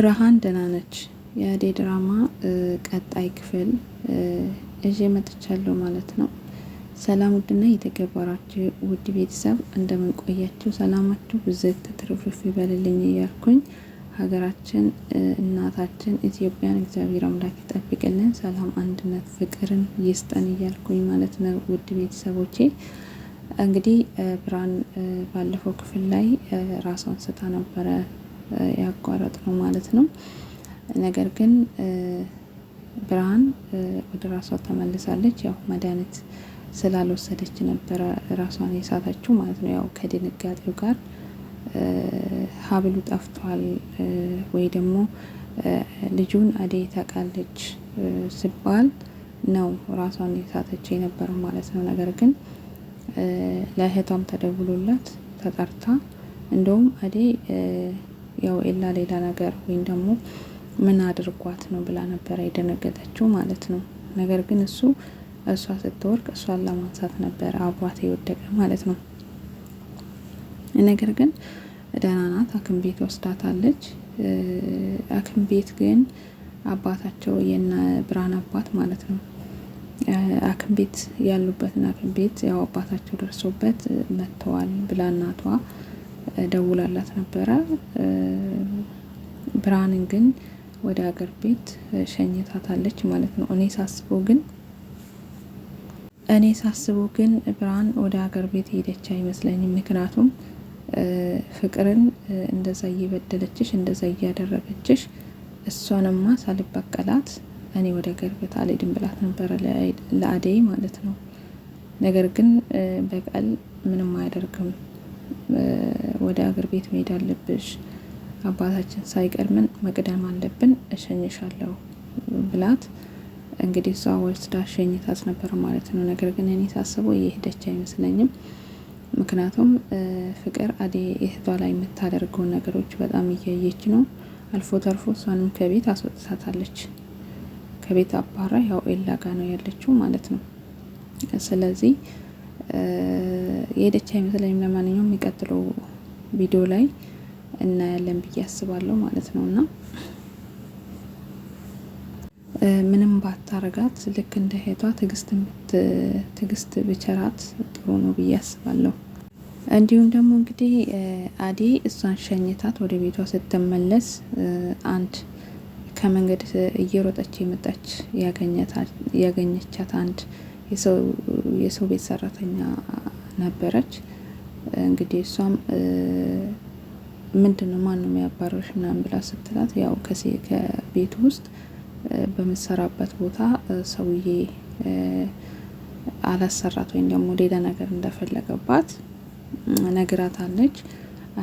ብርሃን ደህና ነች። የአደይ ድራማ ቀጣይ ክፍል እዤ መጥቻለሁ ማለት ነው። ሰላም ውድና የተከበራችሁ ውድ ቤተሰብ እንደምን ቆያችሁ? ሰላማችሁ ብዝት ተትርፍርፍ ይበልልኝ እያልኩኝ ሀገራችን እናታችን ኢትዮጵያን እግዚአብሔር አምላክ ይጠብቅልን፣ ሰላም፣ አንድነት፣ ፍቅርን ይስጠን እያልኩኝ ማለት ነው ውድ ቤተሰቦቼ እንግዲህ ብርሃን ባለፈው ክፍል ላይ ራሷን ስታ ነበረ ያቋረጥ ነው ማለት ነው። ነገር ግን ብርሃን ወደ ራሷ ተመልሳለች። ያው መድኃኒት ስላልወሰደች ነበረ ራሷን የሳተችው ማለት ነው። ያው ከድንጋጤው ጋር ሀብሉ ጠፍቷል ወይ ደግሞ ልጁን አደይ ታውቃለች ሲባል ነው ራሷን የሳተች የነበረው ማለት ነው። ነገር ግን ለእህቷም ተደውሎላት ተጠርታ እንደውም አደይ ያው ኤላ ሌላ ነገር ወይም ደግሞ ምን አድርጓት ነው ብላ ነበረ የደነገጠችው ማለት ነው። ነገር ግን እሱ እሷ ስትወርቅ እሷን ለማንሳት ነበረ አብሯት የወደቀ ማለት ነው። ነገር ግን ደህና ናት። ሐኪም ቤት ወስዳታለች። ሐኪም ቤት ግን አባታቸው የነ ብርሃን አባት ማለት ነው ሐኪም ቤት ያሉበትን ሐኪም ቤት ያው አባታቸው ደርሶበት መጥተዋል ብላ እናቷ ደውላላት ነበረ። ብርሃንን ግን ወደ ሀገር ቤት ሸኝታታለች ማለት ነው። እኔ ሳስበው ግን እኔ ሳስበው ግን ብርሃን ወደ ሀገር ቤት ሄደች አይመስለኝም። ምክንያቱም ፍቅርን እንደዛ እየበደለችሽ እንደዛ እያደረገችሽ እሷንማ ሳልበቀላት እኔ ወደ ሀገር ቤት አልሄድም ብላት ነበረ ለአደይ ማለት ነው። ነገር ግን በቀል ምንም አያደርግም። ወደ አገር ቤት መሄድ አለብሽ፣ አባታችን ሳይቀድመን መቅደም አለብን፣ እሸኝሻለሁ ብላት እንግዲህ እሷ ወስዳ ሸኝታት ነበር ማለት ነው። ነገር ግን እኔ ሳስበው እየሄደች አይመስለኝም። ምክንያቱም ፍቅር አዴ እህቷ ላይ የምታደርገውን ነገሮች በጣም እያየች ነው። አልፎ ተርፎ እሷንም ከቤት አስወጥታታለች። ከቤት አባራ ያው ኤላ ጋ ነው ያለችው ማለት ነው። ስለዚህ የሄደች አይመስለኝም። ለማንኛውም የሚቀጥለው ቪዲዮ ላይ እናያለን ብዬ አስባለሁ ማለት ነው እና ምንም ባታረጋት ልክ እንደ ሄቷ ትግስት ብቸራት ጥሩ ነው ብዬ አስባለሁ። እንዲሁም ደግሞ እንግዲህ አዴ እሷን ሸኝታት ወደ ቤቷ ስትመለስ አንድ ከመንገድ እየሮጠች የመጣች ያገኘቻት አንድ የሰው ቤት ሰራተኛ ነበረች። እንግዲህ እሷም ምንድን ነው ማን ነው የሚያባረርሽ ምናምን ብላ ስትላት ያው ከቤት ውስጥ በምትሰራበት ቦታ ሰውዬ አላሰራት ወይም ደግሞ ሌላ ነገር እንደፈለገባት ነግራታለች።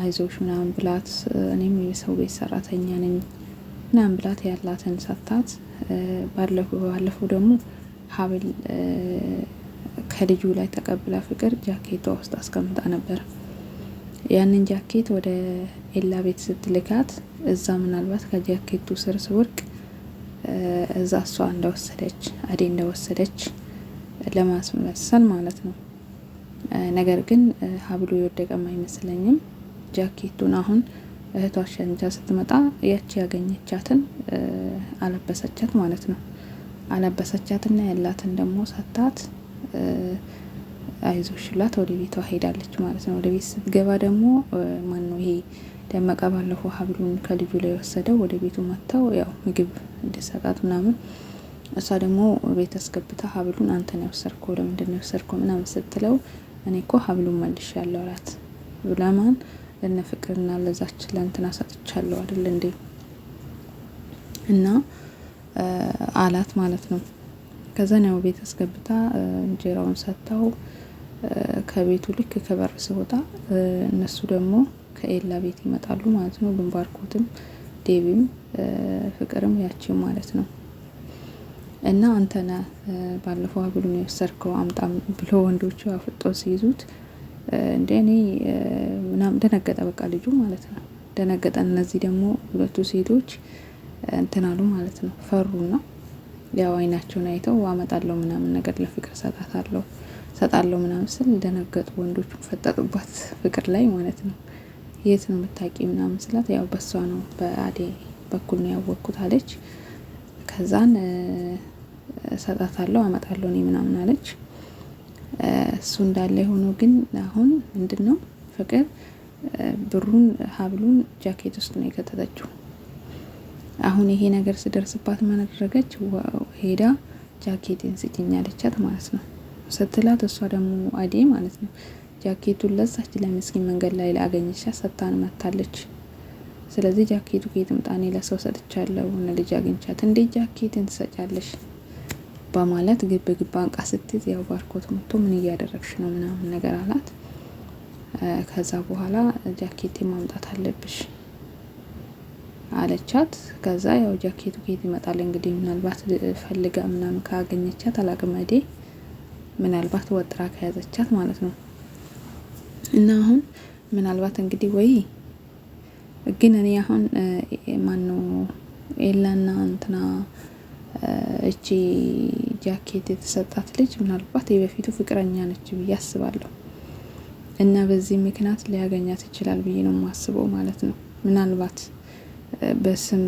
አይዞሽ ምናምን ብላት እኔም የሰው ቤት ሰራተኛ ነኝ ምናምን ብላት ያላትን ሰታት ባለፈው ደግሞ ሀብል ከልጁ ላይ ተቀብላ ፍቅር ጃኬቷ ውስጥ አስቀምጣ ነበር። ያንን ጃኬት ወደ ኤላ ቤት ስትልካት እዛ ምናልባት ከጃኬቱ ስር ስወርቅ እዛ እሷ እንደወሰደች አዴ እንደወሰደች ለማስመሰል ማለት ነው። ነገር ግን ሀብሉ የወደቀም አይመስለኝም። ጃኬቱን አሁን እህቷ ሸንቻ ስትመጣ ያቺ ያገኘቻትን አለበሰቻት ማለት ነው። አላበሳቻትና ያላትን ደግሞ ሰታት አይዞሽ ላት ወደ ቤቷ ሄዳለች ማለት ነው። ወደ ቤት ስትገባ ደግሞ ማን ነው ይሄ ደመቀ ባለፈው ሀብሉን ከልጁ ላይ ወሰደው ወደ ቤቱ መጥተው ያው ምግብ እንዲሰጣት ምናምን እሷ ደግሞ ቤት አስገብታ ሀብሉን አንተ ነው የወሰድከው ለምንድን ነው የወሰድከው ምናምን ስትለው እኔ እኮ ሀብሉን ያለው አላት። ለማን ለነ ፍቅርና ለዛች ለእንትና ሰጥቻለሁ አይደል እንዴ እና አላት ማለት ነው። ከዛ ነው ቤት አስገብታ እንጀራውን ሰጥተው ከቤቱ ልክ ከበር ስወጣ እነሱ ደግሞ ከኤላ ቤት ይመጣሉ ማለት ነው። ግንባርኮትም ዴቪም ፍቅርም ያቺው ማለት ነው እና አንተነ ባለፈው ሀብሉን የወሰድከው አምጣም ብሎ ወንዶቹ አፍጦ ሲይዙት እንደ እኔ ደነገጠ። በቃ ልጁ ማለት ነው ደነገጠ። እነዚህ ደግሞ ሁለቱ ሴቶች እንትን አሉ ማለት ነው። ፈሩና ያው አይናቸውን አይተው አመጣለው ምናምን ነገር ለፍቅር ሰጣታለሁ ሰጣለሁ ምናምን ስል እንደነገጡ ወንዶቹ ፈጠጡባት ፍቅር ላይ ማለት ነው። የት ነው የምታውቂ ምናምን ስላት ያው በሷ ነው በአዴ በኩል ነው ያወቅኩት አለች። ከዛን ሰጣታለሁ አመጣለሁ እኔ ምናምን አለች። እሱ እንዳለ የሆነው ግን አሁን ምንድን ነው ፍቅር ብሩን ሀብሉን ጃኬት ውስጥ ነው የከተተችው። አሁን ይሄ ነገር ስደርስባት ምን አደረገች? ሄዳ ጃኬቴን ስጭኝ አለቻት ማለት ነው ስትላት፣ እሷ ደግሞ አዴ ማለት ነው ጃኬቱን ለዛች ለምስኪን መንገድ ላይ ላገኘሻ ሰታን መታለች። ስለዚህ ጃኬቱ ከየት መጣ? እኔ ለሰው ሰጥቻለሁ እና ልጅ አግኝቻት እንዴት ጃኬትን ትሰጫለሽ? በማለት ግብ ግብ አንቃ ስትይዝ ያው ባርኮት መጥቶ ምን እያደረግሽ ነው ምናምን ነገር አላት። ከዛ በኋላ ጃኬቴ ማምጣት አለብሽ አለቻት። ከዛ ያው ጃኬቱ ከየት ይመጣል እንግዲህ ምናልባት ፈልገ ምናምን ካገኘቻት አላቅመዴ ምናልባት ወጥራ ከያዘቻት ማለት ነው። እና አሁን ምናልባት እንግዲህ ወይ ግን እኔ አሁን ማነው ኤላና እንትና እቺ ጃኬት የተሰጣት ልጅ ምናልባት የበፊቱ ፍቅረኛ ነች ብዬ አስባለሁ። እና በዚህ ምክንያት ሊያገኛት ይችላል ብዬ ነው የማስበው ማለት ነው ምናልባት በስም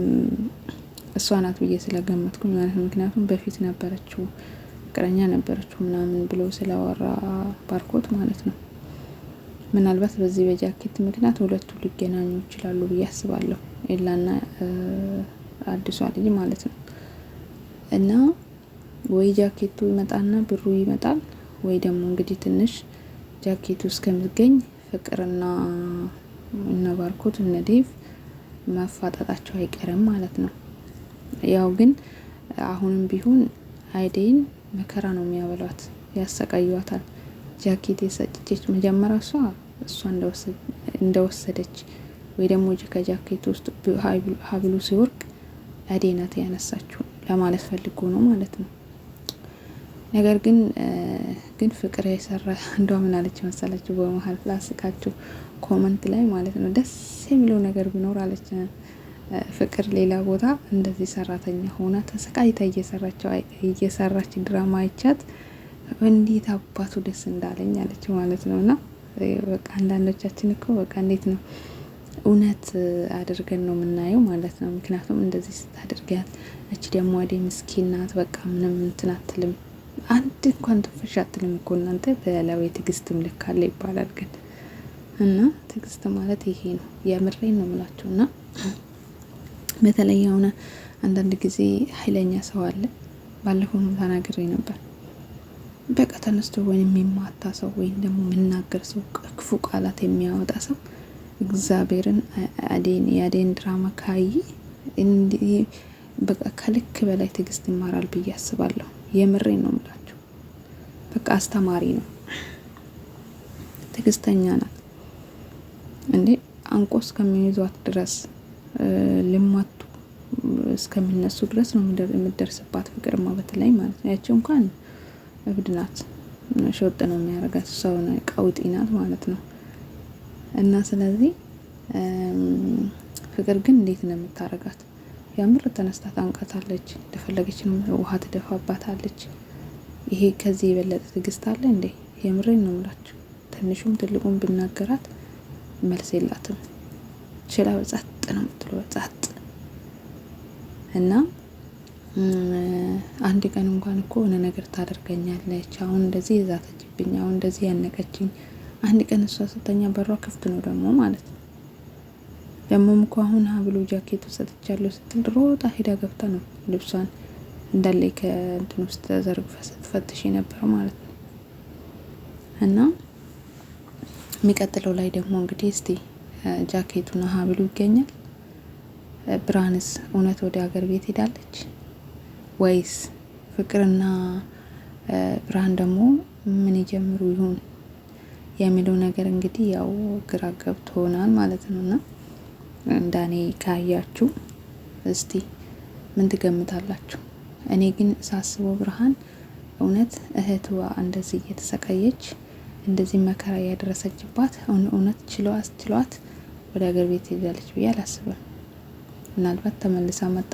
እሷ ናት ብዬ ስለገመትኩኝ ማለት ነው። ምክንያቱም በፊት ነበረችው ፍቅረኛ ነበረችው ምናምን ብሎ ስላወራ ባርኮት ማለት ነው። ምናልባት በዚህ በጃኬት ምክንያት ሁለቱ ሊገናኙ ይችላሉ ብዬ አስባለሁ። ኤላና አዲሷ ልጅ ማለት ነው። እና ወይ ጃኬቱ ይመጣና ብሩ ይመጣል ወይ ደግሞ እንግዲህ ትንሽ ጃኬቱ እስከምትገኝ ፍቅርና እነ ባርኮት እነ ዴቭ ማፋጣጣቸው አይቀርም ማለት ነው። ያው ግን አሁንም ቢሆን አይዴን መከራ ነው የሚያበሏት፣ ያሰቃዩዋታል። ጃኬት የሰጭች መጀመሪያ እሷ እሷ እንደወሰደች ወይ ደግሞ ከጃኬት ውስጥ ሀብሉ ሲወርቅ አዴናት ያነሳችሁ ለማለት ፈልጎ ነው ማለት ነው። ነገር ግን ግን ፍቅር የሰራ እንደው ምን አለች መሰላችሁ? በመሀል ላስቃችሁ ኮመንት ላይ ማለት ነው። ደስ የሚለው ነገር ቢኖር አለች ፍቅር ሌላ ቦታ እንደዚህ ሰራተኛ ሆና ተሰቃይታ እየሰራች ድራማ አይቻት እንዴት አባቱ ደስ እንዳለኝ አለች ማለት ነው። እና በቃ አንዳንዶቻችን እኮ በቃ እንዴት ነው እውነት አድርገን ነው የምናየው ማለት ነው። ምክንያቱም እንደዚህ ስታደርጋት እች ደግሞ ወደ ምስኪናት ናት፣ በቃ ምንም እንትን አትልም አንድ እንኳን ትንፈሻ አትልም እኮ እናንተ። በላዊ ትግስትም ልክ አለ ይባላል ግን እና ትግስት ማለት ይሄ ነው። የምሬን ነው የምላችሁ። እና በተለይ የሆነ አንዳንድ ጊዜ ኃይለኛ ሰው አለ። ባለፈው ተናግሬ ነበር። በቃ ተነስቶ ወይም የሚማታ ሰው ወይም ደግሞ የሚናገር ሰው፣ ክፉ ቃላት የሚያወጣ ሰው እግዚአብሔርን የአዴን ድራማ ካይ በቃ ከልክ በላይ ትግስት ይማራል ብዬ አስባለሁ። የምሬን ነው የምላችሁ። በቃ አስተማሪ ነው። ትግስተኛ ናት እንዴ አንቆ እስከሚይዟት ድረስ ልማቱ እስከሚነሱ ድረስ ነው የምደርስባት ፍቅርማ በተለይ ማለት ነው። ያቸው እንኳን እብድ ናት፣ ሾጥ ነው የሚያደርጋት ሰው ቀውጢ ናት ማለት ነው። እና ስለዚህ ፍቅር ግን እንዴት ነው የምታረጋት? የምር ተነስታ ታንቃታለች፣ እንደፈለገች ውሃ ትደፋባታለች። ይሄ ከዚህ የበለጠ ትግስት አለ እንዴ? የምሬን ነው ምላችሁ። ትንሹም ትልቁም ብናገራት መልስ የላትም። ችላ በጻጥ ነው ምትሎ በጻጥ እና አንድ ቀን እንኳን እኮ ሆነ ነገር ታደርገኛለች። አሁን እንደዚህ የዛተችብኝ፣ አሁን እንደዚህ ያነቀችኝ። አንድ ቀን እሷ ስተኛ በሯ ክፍት ነው ደግሞ ማለት ነው። ደግሞም እኮ አሁን ሀብሎ ጃኬቱ ሰጥቻለሁ ስትል ሮጣ ሄዳ ገብታ ነው ልብሷን እንዳለ ከእንትን ውስጥ ተዘርግፈ ስትፈትሽ ነበር ማለት ነው። እና የሚቀጥለው ላይ ደግሞ እንግዲህ እስቲ ጃኬቱና ሀብሉ ይገኛል። ብርሃንስ እውነት ወደ ሀገር ቤት ሄዳለች ወይስ ፍቅርና ብርሃን ደግሞ ምን ይጀምሩ ይሁን የሚለው ነገር እንግዲህ ያው ግራ ገብቶናል ማለት ነው። እና እንዳኔ ካያችሁ እስቲ ምን ትገምታላችሁ? እኔ ግን ሳስበው ብርሃን እውነት እህትዋ እንደዚህ እየተሰቃየች እንደዚህ መከራ እያደረሰችባት እውነት ችለዋት ችሏት ወደ ሀገር ቤት ትሄዳለች ብዬ አላስብም። ምናልባት ተመልሳ መጣ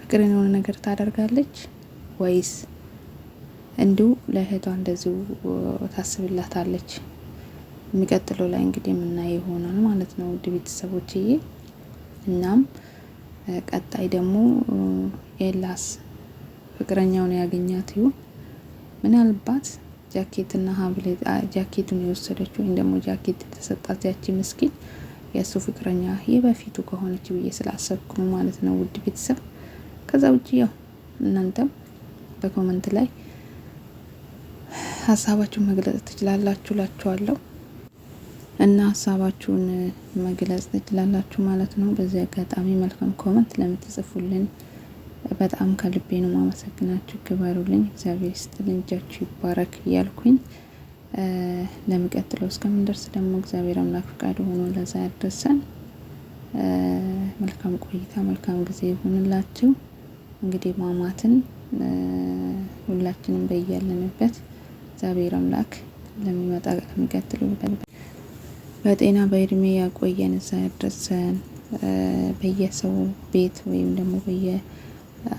ፍቅርን የሆነ ነገር ታደርጋለች ወይስ እንዲሁ ለእህቷ እንደዚሁ ታስብላታለች? የሚቀጥለው ላይ እንግዲህ የምናየው ይሆናል ማለት ነው ውድ ቤተሰቦችዬ። እናም ቀጣይ ደግሞ የላስ ፍቅረኛውን ያገኛት ይሁን ምናልባት ጃኬትና ሀብል ጃኬቱን የወሰደችው ወይም ደግሞ ጃኬት የተሰጣት ያቺ ምስኪን የእሱ ፍቅረኛ የበፊቱ ከሆነች ብዬ ስላሰብኩ ነው ማለት ነው። ውድ ቤተሰብ ከዛ ውጭ ያው እናንተም በኮመንት ላይ ሀሳባችሁን መግለጽ ትችላላችሁ ላችኋለሁ እና ሀሳባችሁን መግለጽ ትችላላችሁ ማለት ነው። በዚህ አጋጣሚ መልካም ኮመንት ለምትጽፉልን በጣም ከልቤ ነው ማመሰግናችሁ። ግበሩልኝ፣ እግዚአብሔር ይስጥልኝ፣ እጃችሁ ይባረክ እያልኩኝ ለሚቀጥለው እስከምንደርስ ደግሞ እግዚአብሔር አምላክ ፍቃድ ሆኖ ለዛ ያደርሰን። መልካም ቆይታ፣ መልካም ጊዜ ይሁንላችሁ። እንግዲህ ማማትን ሁላችንም በያለንበት እግዚአብሔር አምላክ ለሚመጣ ለሚቀጥለው በጤና በእድሜ ያቆየን፣ እዛ ያደርሰን በየሰው ቤት ወይም ደግሞ በየ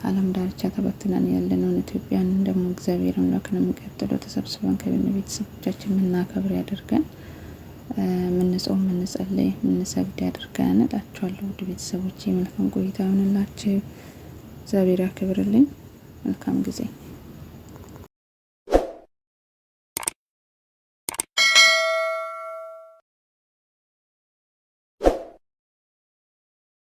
ዓለም ዳርቻ ተበትነን ያለነውን ኢትዮጵያን ደግሞ እግዚአብሔር አምላክ ነው የሚቀጥለው ተሰብስበን ከቤነ ቤተሰቦቻችን የምናከብር ያደርገን፣ ምንጾም፣ ምንጸልይ፣ ምንሰግድ ያደርገን እላችኋለሁ። ውድ ቤተሰቦች መልካም ቆይታ ይሆንላችሁ። እግዚአብሔር ያክብርልኝ። መልካም ጊዜ